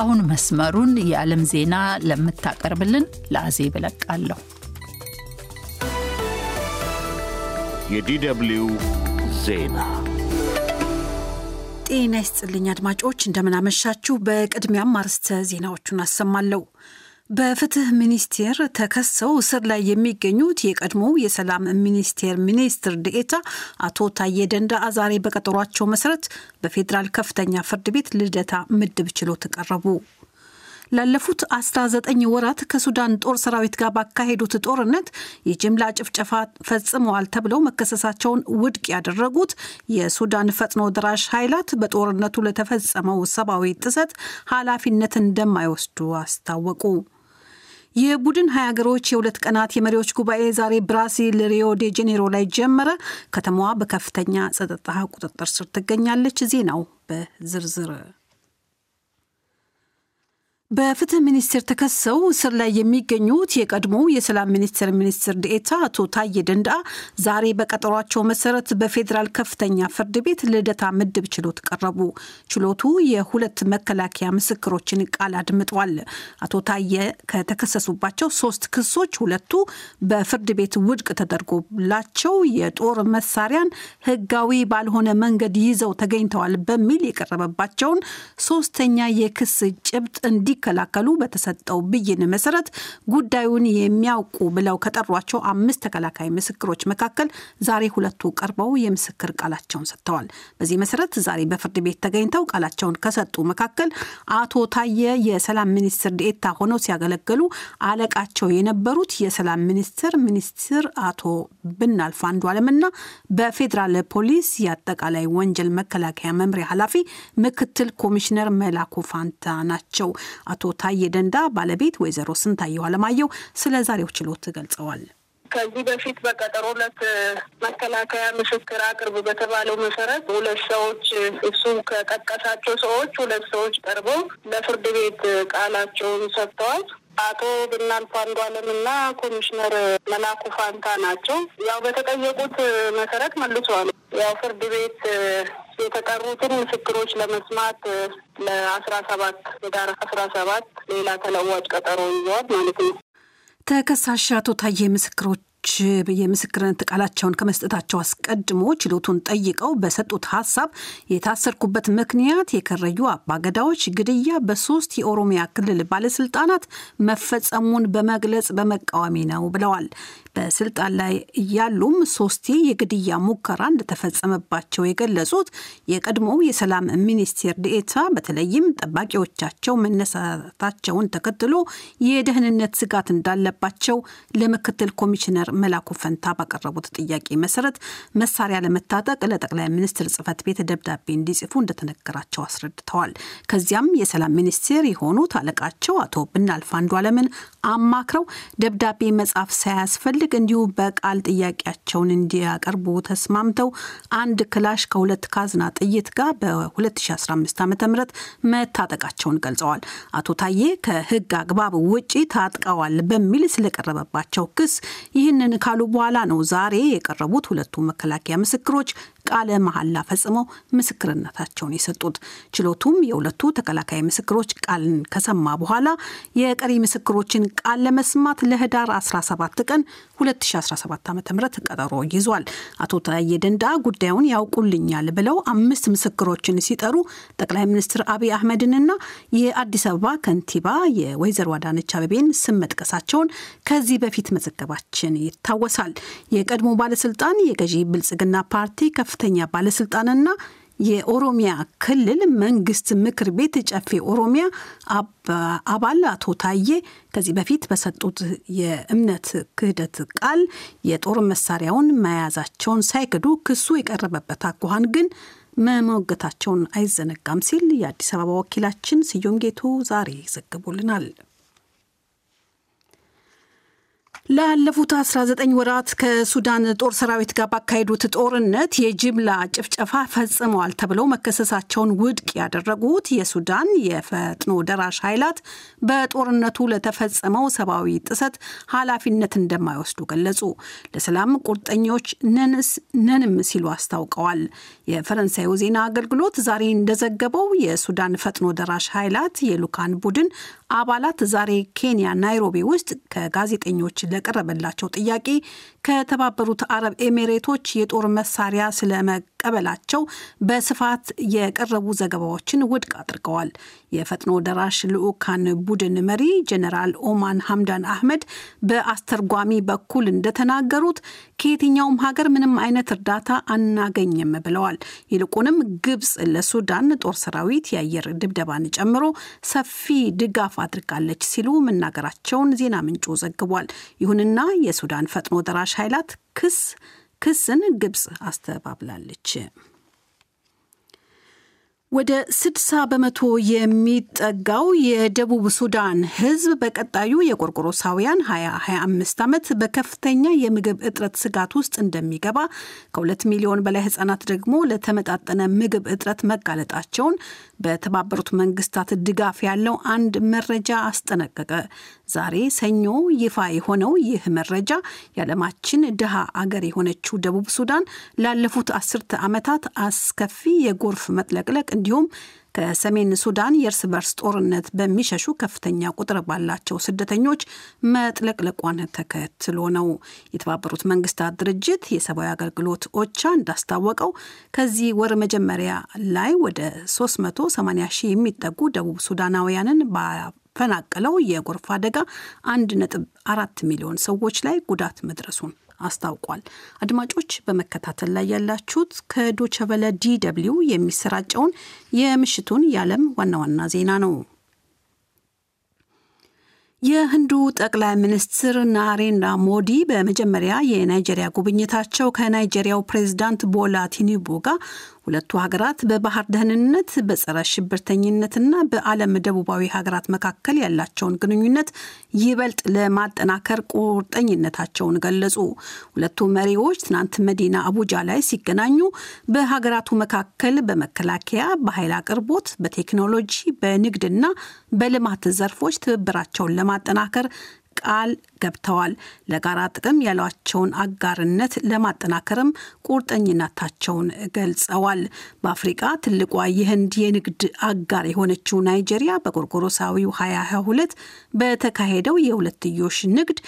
አሁን መስመሩን የዓለም ዜና ለምታቀርብልን ለአዜብ እለቃለሁ። የዲደብልዩ ዜና ጤና ይስጥልኝ አድማጮች፣ እንደምናመሻችሁ። በቅድሚያም አርዕስተ ዜናዎቹን አሰማለሁ። በፍትህ ሚኒስቴር ተከሰው እስር ላይ የሚገኙት የቀድሞው የሰላም ሚኒስቴር ሚኒስትር ዴኤታ አቶ ታዬ ደንዳ ዛሬ በቀጠሯቸው መሰረት በፌዴራል ከፍተኛ ፍርድ ቤት ልደታ ምድብ ችሎት ቀረቡ። ላለፉት 19 ወራት ከሱዳን ጦር ሰራዊት ጋር ባካሄዱት ጦርነት የጅምላ ጭፍጨፋ ፈጽመዋል ተብለው መከሰሳቸውን ውድቅ ያደረጉት የሱዳን ፈጥኖ ድራሽ ኃይላት በጦርነቱ ለተፈጸመው ሰብአዊ ጥሰት ኃላፊነት እንደማይወስዱ አስታወቁ። የቡድን ሀያ ሀገሮች የሁለት ቀናት የመሪዎች ጉባኤ ዛሬ ብራዚል ሪዮ ዴ ጄኔሮ ላይ ጀመረ። ከተማዋ በከፍተኛ ጸጥታ ቁጥጥር ስር ትገኛለች። ዜናው በዝርዝር በፍትህ ሚኒስቴር ተከሰው እስር ላይ የሚገኙት የቀድሞ የሰላም ሚኒስቴር ሚኒስትር ዴኤታ አቶ ታዬ ደንዳ ዛሬ በቀጠሯቸው መሰረት በፌዴራል ከፍተኛ ፍርድ ቤት ልደታ ምድብ ችሎት ቀረቡ። ችሎቱ የሁለት መከላከያ ምስክሮችን ቃል አድምጧል። አቶ ታዬ ከተከሰሱባቸው ሶስት ክሶች ሁለቱ በፍርድ ቤት ውድቅ ተደርጎላቸው የጦር መሳሪያን ህጋዊ ባልሆነ መንገድ ይዘው ተገኝተዋል በሚል የቀረበባቸውን ሶስተኛ የክስ ጭብጥ እንዲ እንዲከላከሉ በተሰጠው ብይን መሰረት ጉዳዩን የሚያውቁ ብለው ከጠሯቸው አምስት ተከላካይ ምስክሮች መካከል ዛሬ ሁለቱ ቀርበው የምስክር ቃላቸውን ሰጥተዋል። በዚህ መሰረት ዛሬ በፍርድ ቤት ተገኝተው ቃላቸውን ከሰጡ መካከል አቶ ታየ የሰላም ሚኒስትር ዴኤታ ሆነው ሲያገለግሉ አለቃቸው የነበሩት የሰላም ሚኒስትር ሚኒስትር አቶ ብናልፍ አንዱዓለምና በፌዴራል ፖሊስ የአጠቃላይ ወንጀል መከላከያ መምሪያ ኃላፊ ምክትል ኮሚሽነር መላኩ ፋንታ ናቸው። አቶ ታዬ ደንዳ ባለቤት ወይዘሮ ስንታየው አለማየሁ ስለ ዛሬው ችሎት ገልጸዋል። ከዚህ በፊት በቀጠሮ ዕለት መከላከያ ምስክር አቅርብ በተባለው መሰረት ሁለት ሰዎች እሱ ከጠቀሳቸው ሰዎች ሁለት ሰዎች ቀርበው ለፍርድ ቤት ቃላቸውን ሰጥተዋል። አቶ ብናልፍ አንዷለም እና ኮሚሽነር መላኩ ፋንታ ናቸው። ያው በተጠየቁት መሰረት መልሰዋል። ያው ፍርድ ቤት የተጠሩትን ምስክሮች ለመስማት ለአስራ ሰባት ህዳር አስራ ሰባት ሌላ ተለዋጭ ቀጠሮ ይዘዋል ማለት ነው። ተከሳሽ አቶ ታዬ ምስክሮች የምስክርነት ቃላቸውን ከመስጠታቸው አስቀድሞ ችሎቱን ጠይቀው በሰጡት ሀሳብ የታሰርኩበት ምክንያት የከረዩ አባገዳዎች ግድያ በሶስት የኦሮሚያ ክልል ባለስልጣናት መፈጸሙን በመግለጽ በመቃወሚ ነው ብለዋል። በስልጣን ላይ እያሉም ሶስቴ የግድያ ሙከራ እንደተፈጸመባቸው የገለጹት የቀድሞው የሰላም ሚኒስቴር ዴኤታ በተለይም ጠባቂዎቻቸው መነሳታቸውን ተከትሎ የደህንነት ስጋት እንዳለባቸው ለምክትል ኮሚሽነር መላኩ ፈንታ ባቀረቡት ጥያቄ መሰረት መሳሪያ ለመታጠቅ ለጠቅላይ ሚኒስትር ጽህፈት ቤት ደብዳቤ እንዲጽፉ እንደተነገራቸው አስረድተዋል። ከዚያም የሰላም ሚኒስቴር የሆኑት አለቃቸው አቶ ብናልፍ አለምን አማክረው ደብዳቤ መጻፍ ሳያስፈልግ እንዲሁ በቃል ጥያቄያቸውን እንዲያቀርቡ ተስማምተው አንድ ክላሽ ከሁለት ካዝና ጥይት ጋር በ2015 ዓ ም መታጠቃቸውን ገልጸዋል። አቶ ታዬ ከህግ አግባብ ውጪ ታጥቀዋል በሚል ስለቀረበባቸው ክስ ይህን ይህንን ካሉ በኋላ ነው ዛሬ የቀረቡት ሁለቱ መከላከያ ምስክሮች ቃለ መሐላ ፈጽመው ምስክርነታቸውን የሰጡት። ችሎቱም የሁለቱ ተከላካይ ምስክሮች ቃልን ከሰማ በኋላ የቀሪ ምስክሮችን ቃል ለመስማት ለህዳር 17 ቀን 2017 ዓ ም ቀጠሮ ይዟል። አቶ ታዬ ደንዳ ጉዳዩን ያውቁልኛል ብለው አምስት ምስክሮችን ሲጠሩ ጠቅላይ ሚኒስትር አብይ አህመድንና የአዲስ አበባ ከንቲባ የወይዘሮ አዳነች አበቤን ስም መጥቀሳቸውን ከዚህ በፊት መዘገባችን ይታወሳል። የቀድሞ ባለስልጣን የገዢ ብልጽግና ፓርቲ ከፍተኛ ባለስልጣንና የኦሮሚያ ክልል መንግስት ምክር ቤት ጨፌ ኦሮሚያ አባል አቶ ታዬ ከዚህ በፊት በሰጡት የእምነት ክህደት ቃል የጦር መሳሪያውን መያዛቸውን ሳይክዱ ክሱ የቀረበበት አኳኋን ግን መሞገታቸውን አይዘነጋም ሲል የአዲስ አበባ ወኪላችን ስዩም ጌቱ ዛሬ ዘግቦልናል። ላለፉት 19 ወራት ከሱዳን ጦር ሰራዊት ጋር ባካሄዱት ጦርነት የጅምላ ጭፍጨፋ ፈጽመዋል ተብለው መከሰሳቸውን ውድቅ ያደረጉት የሱዳን የፈጥኖ ደራሽ ኃይላት በጦርነቱ ለተፈጸመው ሰብአዊ ጥሰት ኃላፊነት እንደማይወስዱ ገለጹ። ለሰላም ቁርጠኞች ነንስ ነንም ሲሉ አስታውቀዋል። የፈረንሳዩ ዜና አገልግሎት ዛሬ እንደዘገበው የሱዳን ፈጥኖ ደራሽ ኃይላት የልኡካን ቡድን አባላት ዛሬ ኬንያ ናይሮቢ ውስጥ ከጋዜጠኞች ለቀረበላቸው ጥያቄ ከተባበሩት አረብ ኤሚሬቶች የጦር መሳሪያ ስለ መቀበላቸው በስፋት የቀረቡ ዘገባዎችን ውድቅ አድርገዋል። የፈጥኖ ደራሽ ልዑካን ቡድን መሪ ጀነራል ኦማን ሐምዳን አህመድ በአስተርጓሚ በኩል እንደተናገሩት ከየትኛውም ሀገር ምንም አይነት እርዳታ አናገኝም ብለዋል። ይልቁንም ግብጽ ለሱዳን ጦር ሰራዊት የአየር ድብደባን ጨምሮ ሰፊ ድጋፍ አድርጋለች ሲሉ መናገራቸውን ዜና ምንጩ ዘግቧል። ይሁንና የሱዳን ፈጥኖ ደራሽ ኃይላት ክስ ክስን ግብፅ አስተባብላለች። ወደ 60 በመቶ የሚጠጋው የደቡብ ሱዳን ሕዝብ በቀጣዩ የቆርቆሮሳውያን 2025 ዓመት በከፍተኛ የምግብ እጥረት ስጋት ውስጥ እንደሚገባ ከሁለት ሚሊዮን በላይ ሕጻናት ደግሞ ለተመጣጠነ ምግብ እጥረት መጋለጣቸውን በተባበሩት መንግስታት ድጋፍ ያለው አንድ መረጃ አስጠነቀቀ። ዛሬ ሰኞ ይፋ የሆነው ይህ መረጃ የዓለማችን ድሃ አገር የሆነችው ደቡብ ሱዳን ላለፉት አስርተ ዓመታት አስከፊ የጎርፍ መጥለቅለቅ እንዲሁም ከሰሜን ሱዳን የእርስ በርስ ጦርነት በሚሸሹ ከፍተኛ ቁጥር ባላቸው ስደተኞች መጥለቅለቋን ተከትሎ ነው። የተባበሩት መንግስታት ድርጅት የሰብአዊ አገልግሎት ኦቻ እንዳስታወቀው ከዚህ ወር መጀመሪያ ላይ ወደ 380 ሺህ የሚጠጉ ደቡብ ሱዳናውያንን ባፈናቀለው የጎርፍ አደጋ 1.4 ሚሊዮን ሰዎች ላይ ጉዳት መድረሱን አስታውቋል። አድማጮች በመከታተል ላይ ያላችሁት ከዶቸበለ ዲ ደብልዩ የሚሰራጨውን የምሽቱን የዓለም ዋና ዋና ዜና ነው። የህንዱ ጠቅላይ ሚኒስትር ናሬንዳ ሞዲ በመጀመሪያ የናይጄሪያ ጉብኝታቸው ከናይጄሪያው ፕሬዝዳንት ቦላ ቲኒቦ ጋር ሁለቱ ሀገራት በባህር ደህንነት፣ በጸረ ሽብርተኝነትና በዓለም ደቡባዊ ሀገራት መካከል ያላቸውን ግንኙነት ይበልጥ ለማጠናከር ቁርጠኝነታቸውን ገለጹ። ሁለቱ መሪዎች ትናንት መዲና አቡጃ ላይ ሲገናኙ በሀገራቱ መካከል በመከላከያ፣ በኃይል አቅርቦት፣ በቴክኖሎጂ፣ በንግድና በልማት ዘርፎች ትብብራቸውን ለማጠናከር ቃል ገብተዋል። ለጋራ ጥቅም ያሏቸውን አጋርነት ለማጠናከርም ቁርጠኝነታቸውን ገልጸዋል። በአፍሪቃ ትልቋ የህንድ የንግድ አጋር የሆነችው ናይጄሪያ በጎርጎሮሳዊው 2022 በተካሄደው የሁለትዮሽ ንግድ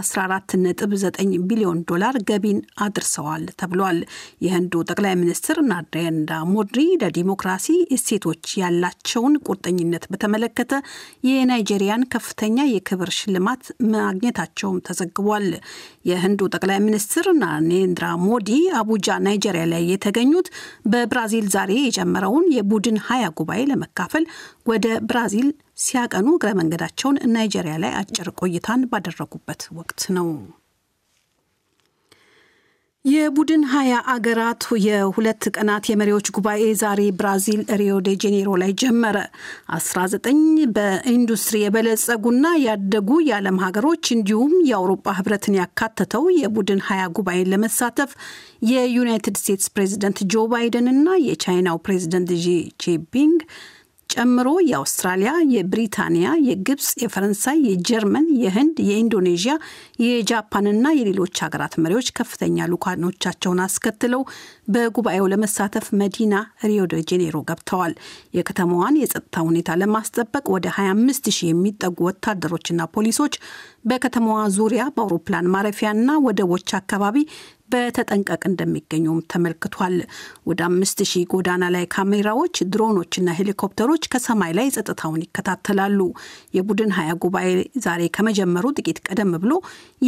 14.9 ቢሊዮን ዶላር ገቢን አድርሰዋል ተብሏል። የህንዱ ጠቅላይ ሚኒስትር ናሬንድራ ሞዲ ለዲሞክራሲ እሴቶች ያላቸውን ቁርጠኝነት በተመለከተ የናይጄሪያን ከፍተኛ የክብር ሽልማት ማግኘት መቆየታቸውም ተዘግቧል። የህንዱ ጠቅላይ ሚኒስትር ናሬንድራ ሞዲ አቡጃ ናይጄሪያ ላይ የተገኙት በብራዚል ዛሬ የጀመረውን የቡድን ሀያ ጉባኤ ለመካፈል ወደ ብራዚል ሲያቀኑ እግረ መንገዳቸውን ናይጄሪያ ላይ አጭር ቆይታን ባደረጉበት ወቅት ነው። የቡድን ሀያ አገራት የሁለት ቀናት የመሪዎች ጉባኤ ዛሬ ብራዚል ሪዮ ዴ ጄኔሮ ላይ ጀመረ። 19 በኢንዱስትሪ የበለጸጉና ያደጉ የዓለም ሀገሮች እንዲሁም የአውሮፓ ህብረትን ያካተተው የቡድን ሀያ ጉባኤ ለመሳተፍ የዩናይትድ ስቴትስ ፕሬዚደንት ጆ ባይደን እና የቻይናው ፕሬዚደንት ዢ ጂንፒንግ ጨምሮ የአውስትራሊያ፣ የብሪታንያ፣ የግብፅ፣ የፈረንሳይ፣ የጀርመን፣ የህንድ፣ የኢንዶኔዥያ፣ የጃፓንና የሌሎች ሀገራት መሪዎች ከፍተኛ ልኡካኖቻቸውን አስከትለው በጉባኤው ለመሳተፍ መዲና ሪዮ ደ ጄኔሮ ገብተዋል። የከተማዋን የጸጥታ ሁኔታ ለማስጠበቅ ወደ 25 ሺህ የሚጠጉ ወታደሮችና ፖሊሶች በከተማዋ ዙሪያ በአውሮፕላን ማረፊያና ወደቦች አካባቢ በተጠንቀቅ እንደሚገኙም ተመልክቷል። ወደ አምስት ሺህ ጎዳና ላይ ካሜራዎች፣ ድሮኖችና ሄሊኮፕተሮች ከሰማይ ላይ ጸጥታውን ይከታተላሉ። የቡድን ሀያ ጉባኤ ዛሬ ከመጀመሩ ጥቂት ቀደም ብሎ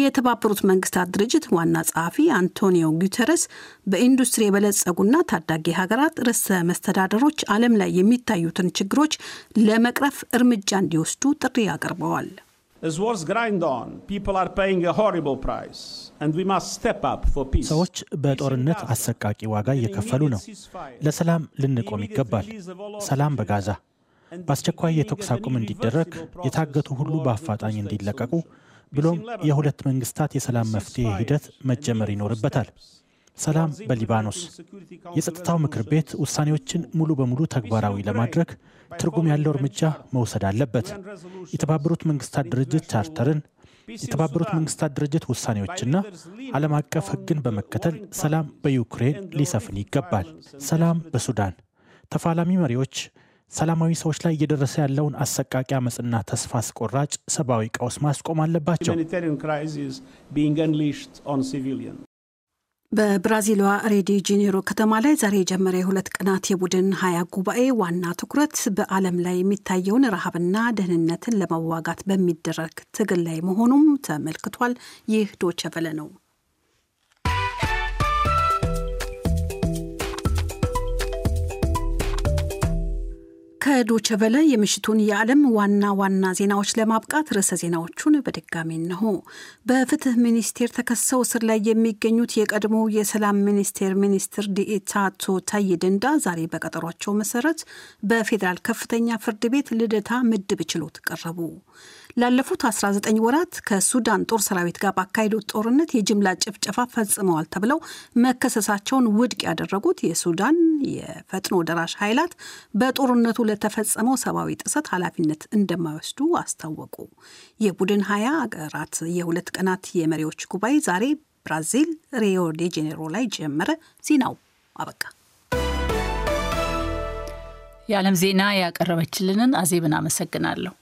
የተባበሩት መንግስታት ድርጅት ዋና ጸሐፊ አንቶኒዮ ጉተረስ በኢንዱስትሪ የበለጸጉና ታዳጊ ሀገራት ርዕሰ መስተዳደሮች ዓለም ላይ የሚታዩትን ችግሮች ለመቅረፍ እርምጃ እንዲወስዱ ጥሪ አቅርበዋል። ሰዎች በጦርነት አሰቃቂ ዋጋ እየከፈሉ ነው። ለሰላም ልንቆም ይገባል። ሰላም በጋዛ በአስቸኳይ የተኩስ አቁም እንዲደረግ፣ የታገቱ ሁሉ በአፋጣኝ እንዲለቀቁ፣ ብሎም የሁለት መንግስታት የሰላም መፍትሄ ሂደት መጀመር ይኖርበታል። ሰላም በሊባኖስ የጸጥታው ምክር ቤት ውሳኔዎችን ሙሉ በሙሉ ተግባራዊ ለማድረግ ትርጉም ያለው እርምጃ መውሰድ አለበት። የተባበሩት መንግስታት ድርጅት ቻርተርን፣ የተባበሩት መንግስታት ድርጅት ውሳኔዎችና ዓለም አቀፍ ሕግን በመከተል ሰላም በዩክሬን ሊሰፍን ይገባል። ሰላም በሱዳን ተፋላሚ መሪዎች ሰላማዊ ሰዎች ላይ እየደረሰ ያለውን አሰቃቂ አመፅና ተስፋ አስቆራጭ ሰብአዊ ቀውስ ማስቆም አለባቸው። በብራዚሏ ሬዲ ጄኔሮ ከተማ ላይ ዛሬ የጀመረ የሁለት ቀናት የቡድን ሀያ ጉባኤ ዋና ትኩረት በዓለም ላይ የሚታየውን ረሃብና ደህንነትን ለመዋጋት በሚደረግ ትግል ላይ መሆኑም ተመልክቷል። ይህ ዶቸቨለ ነው። ከዶቸ በለ የምሽቱን የዓለም ዋና ዋና ዜናዎች ለማብቃት ርዕሰ ዜናዎቹን በድጋሚ እነሆ። በፍትህ ሚኒስቴር ተከሰው እስር ላይ የሚገኙት የቀድሞ የሰላም ሚኒስቴር ሚኒስትር ዲኤታ አቶ ታዬ ደንዳ ዛሬ በቀጠሯቸው መሰረት በፌዴራል ከፍተኛ ፍርድ ቤት ልደታ ምድብ ችሎት ቀረቡ። ላለፉት 19 ወራት ከሱዳን ጦር ሰራዊት ጋር ባካሄዱት ጦርነት የጅምላ ጭፍጨፋ ፈጽመዋል ተብለው መከሰሳቸውን ውድቅ ያደረጉት የሱዳን የፈጥኖ ደራሽ ኃይላት በጦርነቱ ለተፈጸመው ሰብአዊ ጥሰት ኃላፊነት እንደማይወስዱ አስታወቁ። የቡድን ሀያ አገራት የሁለት ቀናት የመሪዎች ጉባኤ ዛሬ ብራዚል ሪዮ ዴ ጄኔሮ ላይ ጀመረ። ዜናው አበቃ። የዓለም ዜና ያቀረበችልንን አዜብን አመሰግናለሁ።